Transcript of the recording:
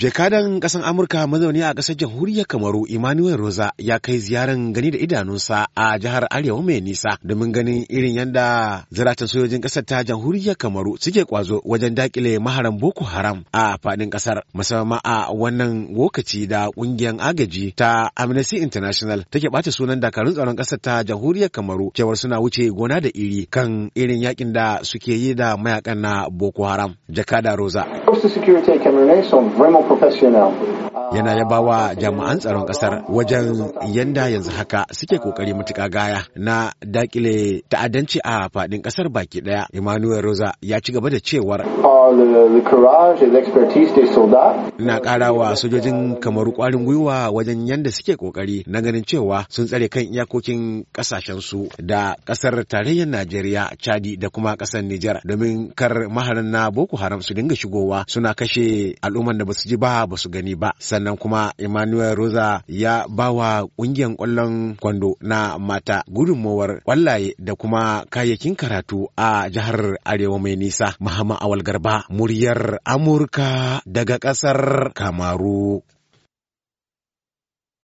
Jakadan kasan Amurka mazauni a ƙasar jamhuriyar Kamaru Emmanuel Rosa ya kai ziyaran gani da idanunsa a jihar Arewa mai nisa domin ganin irin yadda ziratan sojojin ƙasar ta jamhuriyar Kamaru suke kwazo wajen dakile maharan Boko Haram a fadin ƙasar musamman a wannan lokaci da ƙungiyar agaji ta Amnesty International take bata sunan dakarun tsaron ƙasar ta jamhuriyar Kamaru cewar suna wuce gona da iri kan irin yakin da suke yi da mayakan na Boko Haram. Jakada Rosa. profissional yana yabawa jami'an tsaron kasar wajen yanda yanzu haka suke kokari matuka gaya na dakile ta'addanci a fadin kasar baki daya emmanuel rosa ya ci gaba da cewar na kara wa sojojin kamar kwarin gwiwa wajen yanda suke kokari na ganin cewa sun tsare kan iyakokin su da kasar tarayyar najeriya chadi da kuma kasar niger domin kar maharan na boko haram su dinga shigowa suna kashe al'umman da basu ji ba basu gani ba sannan kuma Emmanuel Rosa ya ba wa ƙungiyar ƙwallon kwando na mata gudunmowar ƙwallaye da kuma kayayyakin karatu a jihar Arewa mai nisa. Muhammad Awal Garba, muryar Amurka daga ƙasar Kamaru.